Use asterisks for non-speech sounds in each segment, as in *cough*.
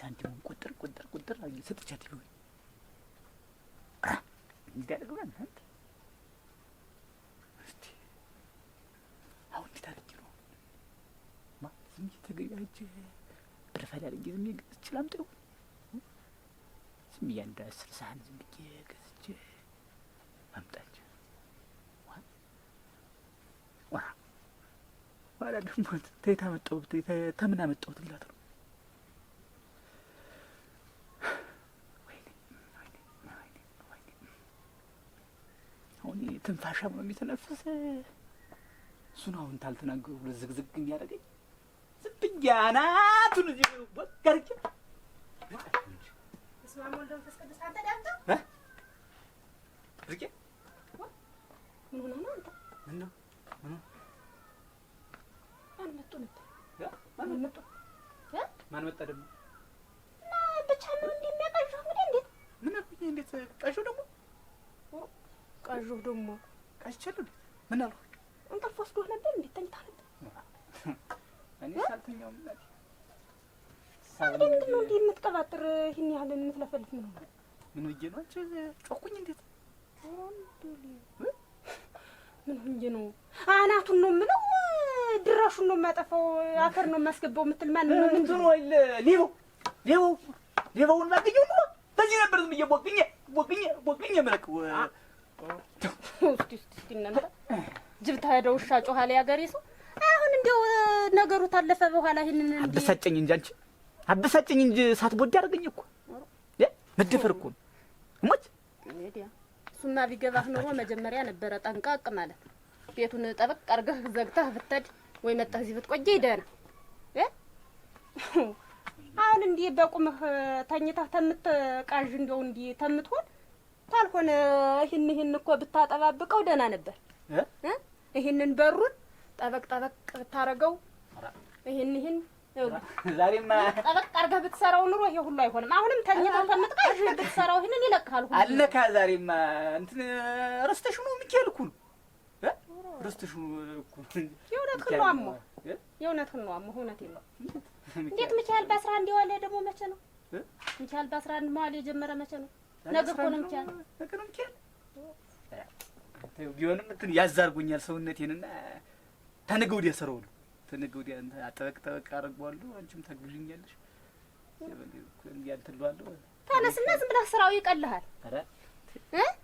ሳንቲሙን ቁጥር ቁጥር ቁጥር ሰጥቻት ይሆን እንዲያደርገናል አንተ አሁን እንዴት አድርጌ ነው ማ ብር ፈላልጌ ዝም ገዝቼ ላምጣ ይሆን? ዝም እያንዳ አስር ሰሀን ዝም ብዬ ገዝቼ ማምጣት ኋላ ደግሞ ተምናመጣሁት ልላት ነው ትንፋሻም ነው የሚተነፍስ። እሱን አሁን ታልተናገሩ ብሎ ዝግዝግ የሚያደርገኝ ዝም ብዬ አናቱን እዚህ ወጋርጌ ማን መጣ ደግሞ? ብቻ ነው እንደሚያቀሹ እንግዲህ እንዴት ምን ብዬ እንዴት ቀሹ ደግሞ ቃዦህ ደግሞ ቀችልም ምን አልኩ? እንቅልፍ ወስዶህ ነበር እንዴት ተኝታ ነበር? እኔ ሳልተኛው ነበር። ታዲያ ምንድን ነው እንዲህ የምትቀባጥር ይህን ያህል የምትለፈልፍ? ምን ሆነ? ምን ብዬ ነው አንቺ ጮኩኝ? እንዴት ምን ሆኜ ነው? አናቱን ነው የምለው፣ ድራሹን ነው የማጠፋው፣ አፈር ነው የማስገባው የምትል ማን ነው? ምንድን ነው አይደል? ሌባው ሌባው ሌባውን ባገኘው ነው በዚህ ነበር ዝም ብዬ ቦቅኜ ቦቅኜ ቦቅኜ መለክ ውስቲ ውስቲ እናንተ ጅብ ታሄደ ውሻ ጮኸ ላይ ያገሬ ሰው አሁን ነገሩ ታለፈ በኋላ ይሄንን አበሳጨኝ እንጂ አንቺ እንጂ አደረገኝ እኮ መደፈር እኮ እሱማ ቢገባህ ኖሮ መጀመሪያ ነበረ ጠንቀቅ ማለት ቤቱን ጠበቅ አድርገህ ዘግተህ ብትሄድ ወይ መጣህ እዚህ ይደና አሁን እንዲህ በቁምህ ተምትቃዥ እንደው እንዲህ ተምትሆን ታልሆነ ይህን ይህን እኮ ብታጠባብቀው ደህና ነበር። ይህንን በሩን ጠበቅ ጠበቅ ብታረገው ይህን ይህን ዛሬማ ጠበቅ አድርገህ ብትሰራው ኑሮ ይሄ ሁሉ አይሆንም። አሁንም ተኝተህ ተምጥቀህ ብትሰራው ይህንን ይለቅሃል። ሁሉ አለካ ዛሬማ እንትን ረስተሽ ነው ሚካኤል እኮ ነው ረስተሽ ነው እኮ የእውነትህን ነው አሞህ የእውነትህን ነው አሞ እውነቴን ነው። እንዴት ሚካኤል በአስራ አንድ የዋለ ደግሞ መቼ ነው? ሚካኤል በአስራ አንድ መዋል የጀመረ መቼ ነው? ነገ እኮ ነው የምትያለው። ነገ ነው የምትያለው። ቢሆንም እንትን ያዝ ሰውነቴንና ተነገ ወዲያ ሰረው ተነገ ወዲያ አጠበቅ ጠበቅ አደርገዋለሁ። አንቺም ታግዥኛለሽ። ተነስና ዝም ብለህ ስራው ይቀልሃል።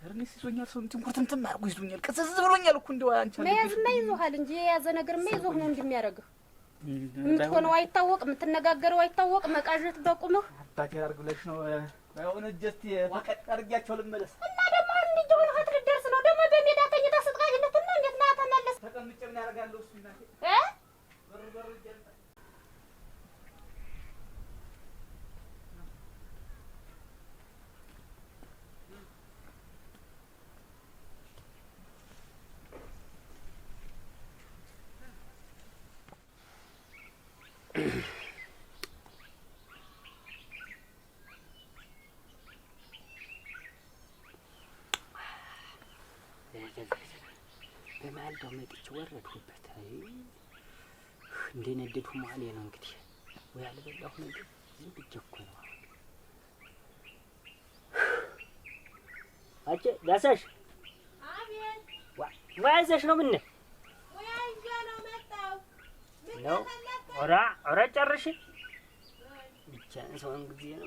እኔ ይዞኛል ሰውነቴን ኩርትምትም አድርጎ ይዞኛል። ቅስዝ ብሎኛል እኮ እንደው አንቺ መያዝማ ይዞሃል እንጂ የያዘ ነገርማ ይዞህ ነው እንደሚያደርግህ የምትሆነው አይታወቅም፣ የምትነጋገረው አይታወቅም። መቃዠት በቁምህ አባቴ አድርግ ብለሽ ነው ባይሆን እጀት ፈቀቅ አድርጊያቸው ልመለስ እና ደግሞ አንድ ሆነ ከትልደርስ ነው ደግሞ በሜዳ ተኝታ ስትቃጅለት እና እንዴት ና ተመለስ ተቀምጬ ምን ያደርጋለሁ እሱ እናቴ በር በር እጀ ከአልጋው መጥቼ ወረድኩበት። እንደ መዋሌ ነው እንግዲህ። ወይ አልበላሁ ምግብ ዝም ብዬ እኮ ነው። አንቺ ዳሳሽ ወያይዘሽ ነው ምን ነው? ኧረ ጨርሽ ብቻ ሰውን ጊዜ ነው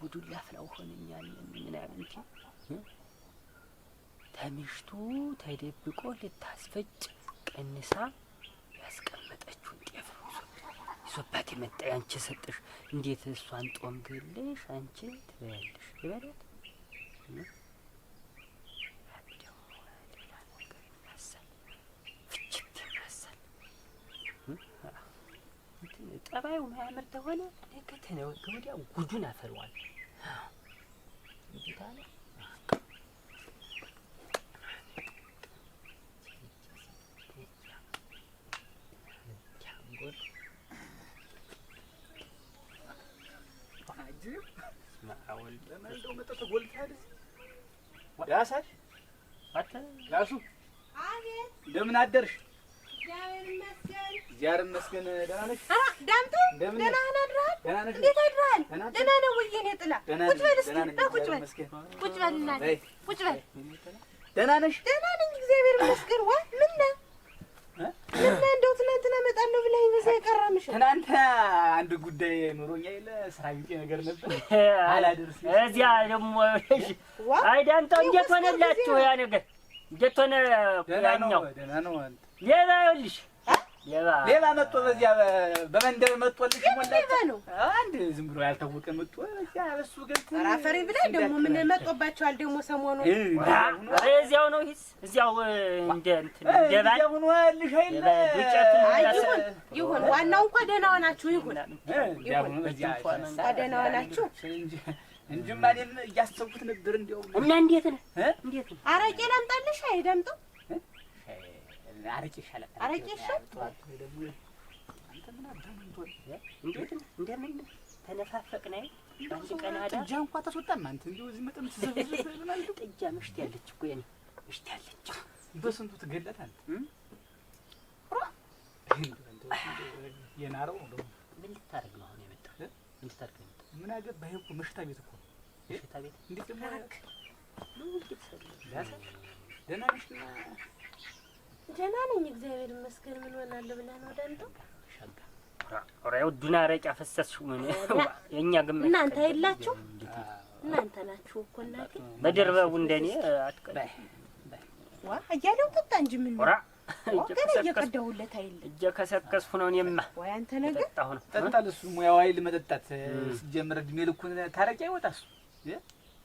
ጉዱ ላፍላው ሆነኛል ምናምንቲ ተሚሽቱ ተደብቆ ልታስፈጭ ቀንሳ ያስቀመጠችውን ጤፍ ነው ይዞባት የመጣ አንቺ ሰጠሽ። እንዴት እሷን ጦም ገለሽ አንቺ ትበያለሽ? ይበላት ጠባዩ ማያምር ተሆነ ደንገተነ ወዲያ ጉዱን አፈለዋል። ያሳሽ እንደምን አደርሽ? እግዚአብሔር ይመስገን። ደህና ነሽ? እንዴት አድረሃል? ደህና ነው ወይ የእኔ ጥላ? ቁጭ በል እስኪ፣ ቁጭ በል ቁጭ በል። ደህና ነሽ? ደህና ነኝ እግዚአብሔር ይመስገን። ዋ ምነው ምነው እንደው ትናንትና እመጣለሁ በዛ የቀረምሽ። ትናንት አንድ ጉዳይ ኑሮኛ የለ ስራ ቢጤ ነገር ነበር አላደርስ። እዚያ ደግሞ አይ ዳምጣው፣ እንዴት ሆነላችሁ ያ ነገር? እንዴት ሆነ ያኛው? ደህና ነው ሌባ ይኸውልሽ፣ ሌባ መጥቶ በዚያ በመንደር መጥቶልሽ ሞላቸው። አንድ ዝም ብሎ ያልታወቀ መጥቶ አፈሪ ብለህ ደግሞ ምን ደግሞ እዚያው ነው እዚያው እንደ እንትን ይሁን ይሁን፣ ዋናው ደህና ሆናችሁ ይሁን ይሁን፣ ደህና ሆናችሁ እንጂማ እኔም እያሰብኩት ነበር። እንዲያው እና እንዴት ነህ? እንዴት ነህ? አረቄ ላምጣልሽ? አይ አረቄ ይሻላል። አረቄ እንደምን ተነፋፈቅን አይደል? አንድ ቀን ጥጃ እንኳ ተስወጣም። አንተ እንደው እዚህ መጠን ማለት ጥጃ ምሽት ያለች እኮ ምሽት ያለች በስንቱ የናረው ነው ምን ልታደርግ ነው አሁን የመጣው? ምን ልታደርግ ነው? ምን አገባህ እኮ መሽታ ቤት እኮ መሽታ ቤት እንዴት ደህና ነሽ? ደህና ነኝ እግዚአብሔር ይመስገን። ምን ሆናለሁ ብለህ ነው ደንቶ ሸጋ ኧረ ያው ዱና አረቄ አፈሰስሽው። ምን የእኛ ግመሽ እናንተ አይላችሁ እናንተ ናችሁ እኮ እናቴ በደርበቡ እንደኔ አትቀል ዋ እያለው ጠጣ እንጂ ምን ነው ገና እየቀዳሁለት አይደል እየከሰከስኩ ነው እኔማ። ወይ አንተ ነገር ጠጣሁ ነው ጠጣል። እሱ ሙያው አይደል መጠጣት ሲጀምር እድሜ ልኩን ታረቂ አይወጣ እሱ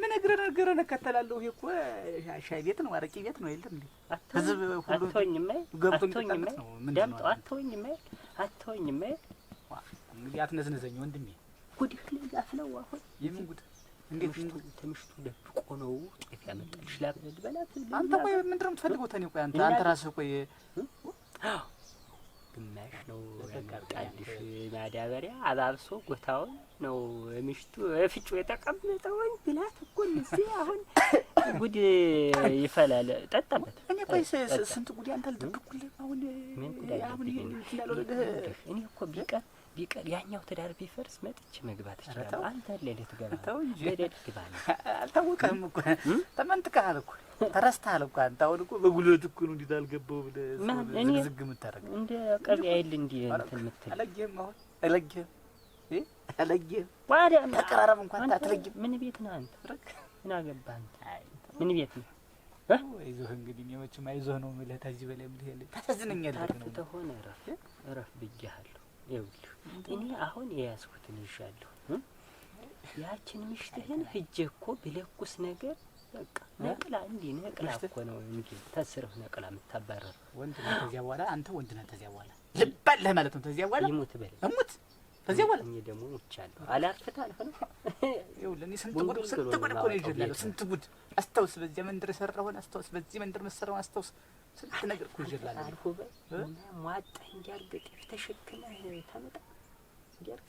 ምነግረህ ነገረ እከተላለሁ። ይሄ እኮ ሻይ ቤት ነው፣ አረቂ ቤት ነው። የለም እንዴ ህዝብ ሁሉ አትሆኝም፣ አትሆኝም፣ አትሆኝም። ወንድሜ፣ ጉድህ ላይ አሁን የምን ጉድ እንዴት ተምሽቱ ደብቆ ነው ጤፍ ያመጣልሽ ላብላት። አንተ ቆይ ምንድን ነው የምትፈልገው? ተኔ ቆይ አንተ አንተ ራስህ ቆይ ግማሽ ነው ቀድሽ ማዳበሪያ አባብሶ ጎታውን ነው ምሽቱ ፍጩ የተቀመጠውን ብላት እኮ እዚህ አሁን ጉድ ይፈላል። ጠጣበት። እኔ ቆይ ስንት ጉድ አንተ አልጠብኩልህ። አሁን እኔ እኮ ቢቀር ቢቀር ያኛው ትዳር ቢፈርስ መጥቼ መግባት ይችላል። አንተ ሌሊት ገባ ገደል ግባ። አልታወቀህም እኮ ተመንጥቀሃል እኮ ተረስተሃል እኮ አንተ። አሁን እኮ በጉልበት እኮ ነው እንዴት አልገባው ብለህ ዝግዝግ የምታደርግ እንደ ቀቢ አይደል እንደ እንትን የምትል አላየህም? አሁን አላየህም? አላየህም? ተቀራረብ እንኳን አትለይም። ምን ቤት ነህ አንተ? ምን አገባህ አንተ? ምን ቤት ነህ? አይዞህ እንግዲህ እኔ መቼም አይዞህ ነው የምልህ። በላይ የምልህ ታሳዝነኛለህ። ታርፍ ተሆነ እረፍ፣ እረፍ እረፍ ይኸውልህ እኔ አሁን የያዝኩትን ይዣለሁ። ያችን ምሽትህን ሂጅ እኮ ብለኩስ ነገር ነቅላ እንዲህ ነቅላ እኮ ነው እንጂ ተስርህ ነቅላ የምታባረር ወንድ ነህ። ተዚያ በኋላ አንተ ወንድ ነህ። ተዚያ በኋላ ልባለህ ማለት ነው። ተዚያ በኋላ ይሙት በል እሙት። ተዚያ በኋላ እኔ ደግሞ ሙቻለሁ። አላፍታ አልሆነ ይኸውልህ፣ እኔ ስንት ጉድ ስንት ጉድ እኮ ነው ይዤላለሁ። ስንት ጉድ አስታውስ። በዚያ መንደር የሰራሁን አስታውስ። በዚህ መንደር መሰራውን አስታውስ። ስንት ነገር እኮ ይዤላለሁ። አልኩህ በል እና እንዲያርግ ጤፍ ተሸክመህ ተመጣ እንዲያርግ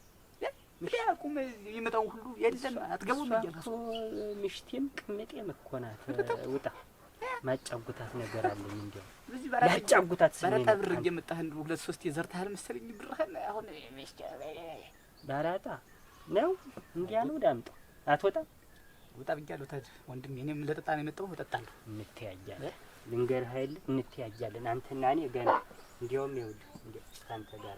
ምክንያቱም ይመጣው ሁሉ የለም እያልኩ ምሽቴም ቅምጤ መኮናት ውጣ ማጫጉታት ነገር አለኝ እንዲያው ያጫጉታት በረጣ ብር እየመጣህ እንድሩ ሁለት ሶስት የዘርተሃል መሰለኝ ብርህን አሁን ምሽቴ ነው እንዲያ ነው። ዳምጣ አትወጣም ውጣ ብያለሁ። ወንድም እኔም ለጠጣ ነው የመጣሁ እጠጣለሁ። እንተያያለን ልንገርህ አይደል? እንተያያለን አንተና እኔ ገና እንዲያውም ይኸውልህ እንዲያው ከአንተ ጋር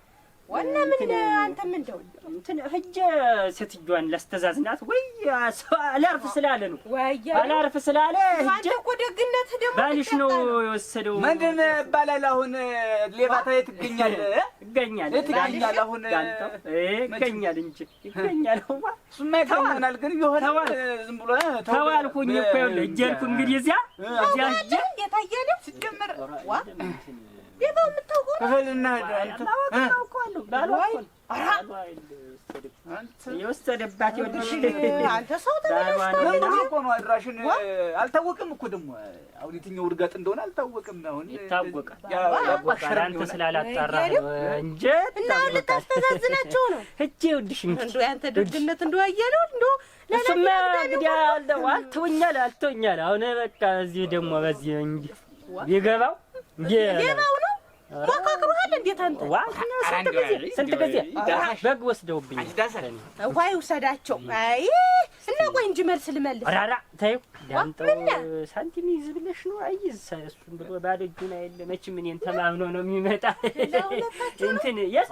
ዋና ምን አንተ ምን እንደው እንትን ህጀ ሴትዮዋን ላስተዛዝናት ወይ አላርፍ ስላለ ነው። ወይ አላርፍ ስላለ ህጀ እኮ ደግነት ደግሞ ባልሽ ነው የወሰደው። ምንድን እባላለሁ አሁን ሌባ ተይ ትገኛል እገኛለህ፣ ትገኛለህ፣ አሁን ይገኛል እንጂ ይገኛል። እሱማ ይገኛል፣ ግን ቢሆን ዝም ብሎ ተዋልኩኝ እኮ ይኸውልህ ህጀ አልኩህ። እንግዲህ እዚያ እዚያ ህጀ የታየለ ሲጀመር ዋ ሌባው አልታወቅም እኮ ደግሞ አሁን የትኛው እንደሆነ አልታወቅም። አሁን ይታወቃል፣ አንተ ስላላጣራ እንጂ እና ልታስተዛዝናቸው ነው እጄ ይኸውልሽ፣ እንደው ያንተ ደግነት እንደው እንደው እሱማ እንግዲህ አሁን በቃ እዚህ ደግሞ በዚህ እንጂ ቢገባው ነው አክብሮሃል እንዴት አንተ ስንት ጊዜ በግ ወስደውብኝ ውሃ ይውሰዳቸው። አይ እና ቆይ እንጂ መልስ ልመልስ። ኧረ ተይው ዳምጠው ሳንቲም ይዝ ብለሽ ነው አይዝ እሱን ብሎ ባዶ እጁን አይደለ መቼም እኔን ተማምኖ ነው የሚመጣ እንትን የእሱ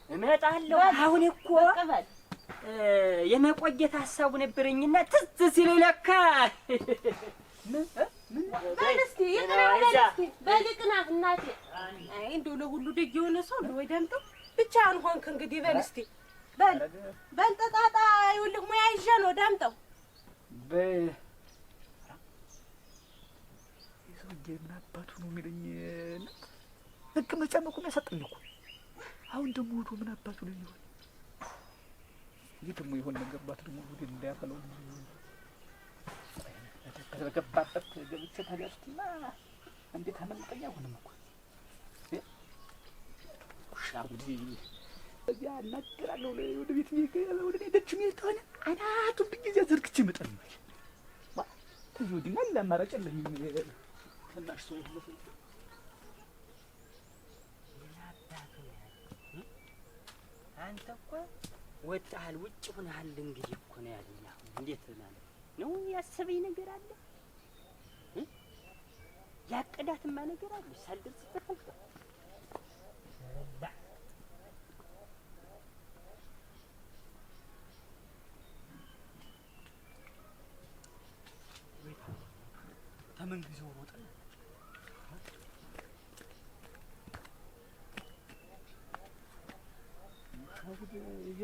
እመጣለሁ። አሁን እኮ የመቆየት ሀሳቡ ነበረኝና ትዝ ሲል ለካ በል እስኪ ይቅና በል ይቅና እናቴ። አይ እንደው ለሁሉ ደግ የሆነ ሰው ወይ ዳምጠው ብቻ ሆንክ እንግዲህ። በል በል በል ጠጣጣ ይኸውልህ ሙያ ይዤ ነው ደምጠው ዳምጠው ሰውዬ ምን አባቱ ነው የሚለኝ መቀመጫ መቆሚያ ሰጠኝ አሁን ደግሞ ወዶ ምን አባቱ ልጅ ይሆን? ይህ ደግሞ ነገር ባት ደግሞ ወደ እንዳያፈለው ከተገባበት ገብቼ እንዴት አመልጠኛ እኮ ውሻ እዚያ እናገራለሁ ወደ ቤት ወደ ደች ሚል አናቱን ዘርግቼ መጠን ወዲና ለአማራጭ ለኝ ሰው አንተ እኮ ወጣህል ውጭ ሆነሃል። እንግዲህ እኮ ነው ያለኝ። አሁን እንዴት ማለት ነው? ያሰበኝ ነገር አለ፣ ያቀዳትማ ነገር አለ። ሳልደርስበት አልፈ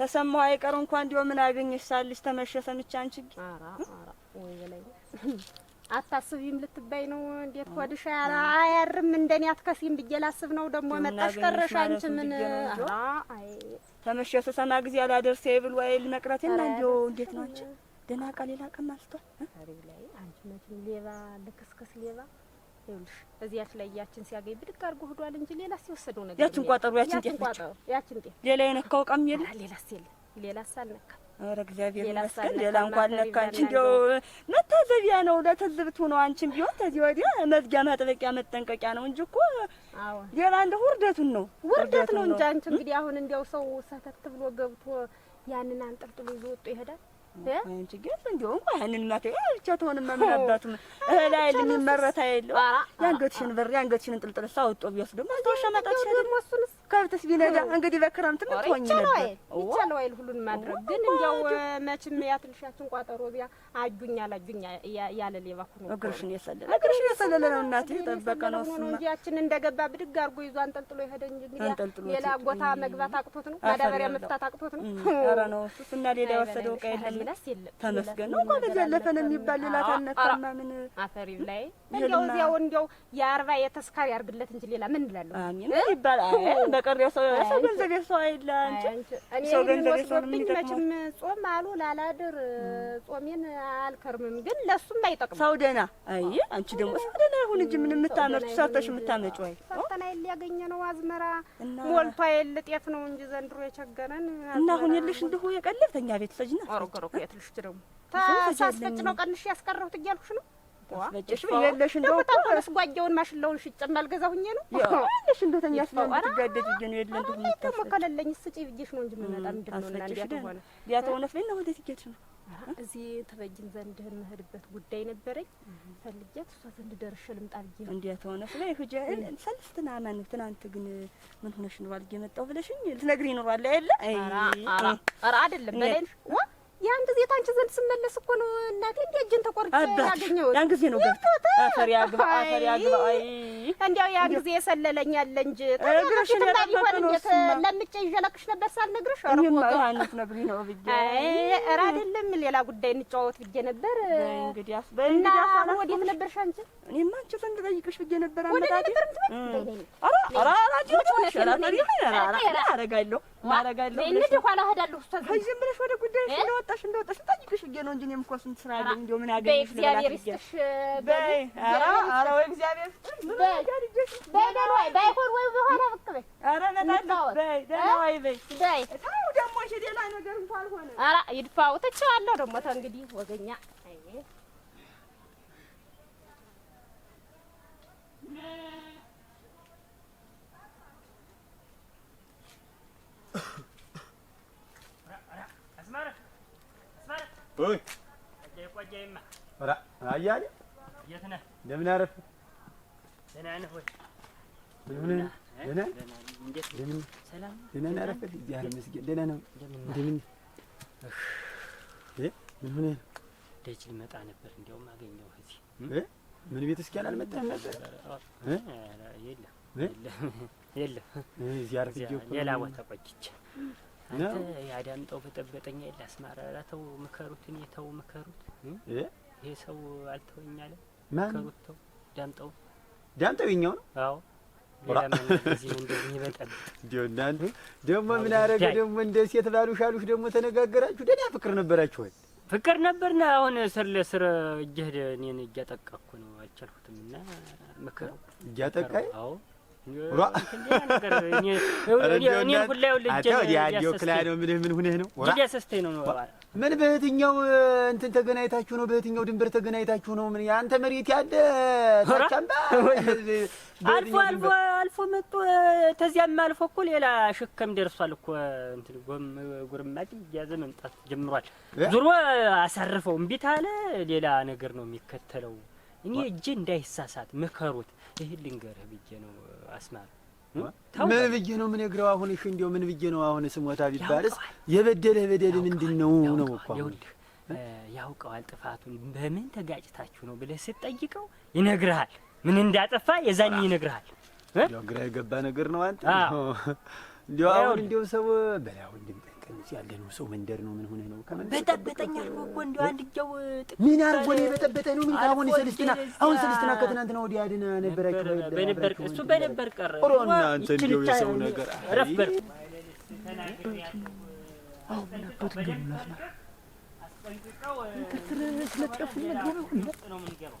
ተሰማው አይቀር እንኳን እንዲያው ምን አገኘሽ ሳልሽ ተመሸ ፈምቻ። አንቺ *laughs* አታስቢም ልትበይ ነው። እንዴት ሆድሽ አያርም? እንደኔ አትከሲም ብዬ ላስብ ነው። ደግሞ መጣሽ ቀረሽ። አንቺ ምን ተመሸ ስሰማ ጊዜ አላደርስ ይብል ወይ መቅረት እና እንዲያው እንዴት ነው አንቺ ደህና ቃል ሌላ ቀን አልቷል። አንቺ ሌባ ልክስክስ ሌባ ይኸውልሽ እዚያች ላይ ያችን ሲያገኝ ብድግ አድርጎ ሄዷል እንጂ ሌላስ የወሰደው ነገር ያችን ቋጠሮ ያችን ጤፍ ቋጠሮ ያችን ጤፍ ሌላ የነካው እቃም የለም። ሌላስ የለም። ሌላስ አልነካም። ኧረ እግዚአብሔር ይመስገን ሌላ እንኳን ነካ። አንቺ እንዲያው መታዘቢያ ነው ለትዝብቱ ነው። አንቺም ቢሆን ተዚህ ወዲያ መዝጊያ ማጥበቂያ መጠንቀቂያ ነው እንጂ እኮ ሌላ እንደው ውርደቱን ነው ውርደት ነው እንጂ አንቺ እንግዲህ አሁን እንዲያው ሰው ሰተት ብሎ ገብቶ ያንን አንጠልጥሎ ይዞ ወጥቶ ይሄዳል። ችግር እንዲሁም ያንን እናቴ ብቻ ትሆንማ ምን አባቱ እህል የለው። የአንገትሽን ብር የአንገትሽን እንጥልጥል እሷ አውጦ ቢወስዱ አንተ ሸመጣሽ ከብትስ ቢነዳ እንግዲህ በክረምት ምን ትሆኝ ነበር? ይቻል ሁሉን ማድረግ ግን እንዲያው መቼም ያትልሻችን ቋጠሮ ቢያ አጁኝ አላጁኝ ያለ ሌባ እኮ እግርሽን የሰለለ እግርሽን የሰለለ ነው እናቴ የጠበቀ ነው። እሱማ ያችን እንደገባ ብድግ አድርጎ ይዞ አንጠልጥሎ ይሄደኝ። እንግዲህ ሌላ ቦታ መግባት አቅቶት ነው ማዳበሪያ መፍታት አቅቶት ነው። ኧረ ነው እሱስ እና ሌላ የወሰደው ዕቃ የለም ሌላስ የለም። ተመስገን ነው። ከዚህ ያለፈ ነው የሚባል ሌላ ታነካማ ምን አፈሪው ላይ እንዲያው እዚያው እንዲያው የአርባ የተስካሪ ያርግለት እንጂ ሌላ ምን እንላለሁ? አሚን ይባል። አይ በቀር ያው ሰው ሰው ገንዘብ የሰው አይላ አንቺ እኔ ሰው ገንዘብ የሰው ምን ይጠቅም? ጾም አሉ ላላድር ጾሜን አልከርምም፣ ግን ለሱም አይጠቅም። ሰው ደህና አይ አንቺ ደግሞ ሰው ደህና ይሁን እንጂ ምን የምታመርቱ ሰርተሽ የምታመጪው አይ ፈተና ያገኘ ነው አዝመራ ሞልቷ የለ ጤፍ ነው እንጂ ዘንድሮ የቸገረን እና አሁን የለሽ እንደሁ የቀለብ ተኛ ቤት ሰጅና የት ልሽ ደግሞ ሳስፈጭ ነው ቀንሽ ያስቀረሁት እያልኩሽ ነው። ታስፈጭሽ የለሽ እንደው ታስ ጓጃውን ማሽላውን ሽጬም አልገዛሁኝ ነው የለሽ እንደው ተኛሽ ነው ትጋደጅ እጄ ነው የለን ደግሞ ደግሞ ከሌለኝ ስጪ ብዬሽ ነው እንጂ የምመጣ ምንድን ነው እና እንዲያት ሆነ ቢያት እውነት ላይ ነው ወዴት ጌትሽ ነው እዚህ ተበጅን ዘንድ የምሄድበት ጉዳይ ነበረኝ። ፈልጌት እሷ ዘንድ ደርሼ ልምጣ ብዬሽ እንዴት ሆነሽ ላይ ሁጃ ሰልስትና ማን ትናንት ግን ምን ሆነሽ ነው ባልጌ መጣሁ ብለሽኝ ልትነግሪኝ ኖሯል አይደለ? አይ አራ አይደለም በለኝ ያን ጊዜ ታንቺ ዘንድ ስመለስ እኮ ነው እናቴ፣ እንዴ እጅን ተቆርጬ ያገኘው ያን ጊዜ ነው። አፈር ያግባ አፈር ያግባ። አይ ያን ጊዜ ለምጬ ይዤ ለቅሽ ነበር ሳልነግርሽ። ሌላ ጉዳይ እንጫወት ብዬ ነበር። እንግዲያስ ወዴት ነበርሽ አንቺ? እኔማ አንቺ ዘንድ ጠይቅሽ ብዬ ነበር። ብለሽ ወደ ጉዳይሽ እንደወጣሽ እንደወጣሽ ጠይቅሽ ብዬ ነው እንጂ እኔም እኮ ስንት ስራ አለኝ። እንደው ምን ነገር እንኳን አልሆነ። አለው ደግሞ እንግዲህ ወገኛ አያሌ የት ነህ? እንደምን አረፍህ? ደህና ነህ ወይ? ደህና ነህ? ምን ሆነ? ደጅ ልመጣ ነበር እንዲያውም አገኘው እዚህ። ምን ቤት እስኪ አልመጣም ነበር? የለም የለም፣ እዚህ አርፍጄ ሌላ ቦታ ቆይቼ አንተ ያዳምጠው በጠበጠኛ የለ አስማራ ተው ምከሩት፣ እኔ ተው ምከሩት። ይሄ ሰው አልተወኛለ። ምከሩት ተው ዳምጠው ዳምጠው የኛው ነው። አዎ እናንተ ደግሞ ምን አደረገ? ደግሞ እንደ ሴት ባሉሽ አሉሽ ደግሞ ተነጋገራችሁ? ደህና ፍቅር ነበራችሁ ወይ? ፍቅር ነበርና አሁን ስር ለስር እጅህ እኔን እያጠቃኩ ነው። አልቻልኩትም እና ምክር እያጠቃኝ ምን በየትኛው እንትን ተገናኝታችሁ ነው? በየትኛው ድንበር ተገናኝታችሁ ነው? ምን አንተ መሬት ያለ ታቻምባ አልፎ አልፎ አልፎ መጥቶ ተዚያም አልፎ እኮ ሌላ ሽከም ደርሷል እኮ እንትን ጎም ጉርማጭ እያዘ መምጣት ጀምሯል። ዙሮ አሳርፈው እምቢ ታለ ሌላ ነገር ነው የሚከተለው። እኔ እጄ እንዳይሳሳት ምከሩት። ይህን ልንገርህ ብዬ ነው አስማር ምን ብዬ ነው ምን እግረው አሁን እሺ፣ እንዲያው ምን ብዬ ነው አሁን ስሞታ ቢባልስ የበደለህ በደል ምንድን ነው ነው እኮ ያውቀዋል ጥፋቱን። በምን ተጋጭታችሁ ነው ብለህ ስትጠይቀው ይነግርሃል። ምን እንዳጠፋ የዛኝ ይነግርሃል። እንዲያው ግራ የገባ ነገር ነው። አንተ እንዲያው አሁን እንዲያው ሰው በላይ አሁን ድምፅ ያለነው ሰው መንደር ነው። ምን ሆነ ነው? በጠበጠኝ አልኩህ እኮ እንደው አንድ እጃው ምን አርጎ ነው የበጠበጠ ነው? ምን አሁን ሰልስትና አሁን ሰልስትና ከትናንትና ወዲያ አድና ነበር አይከበደ በነበር እሱ በነበር ቀረ ሮና አንተ እንደው የሰው ነገር ረፍበር አሁን ምን አባቱ ገና ነው ለፍና ትርትር ስለጠፉ ነው ነው ምን ገረው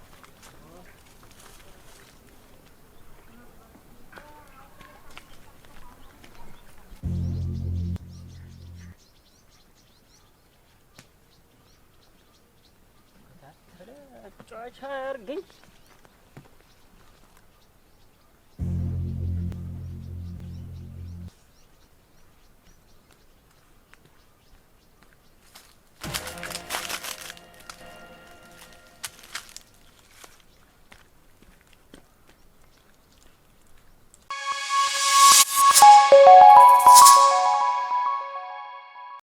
charge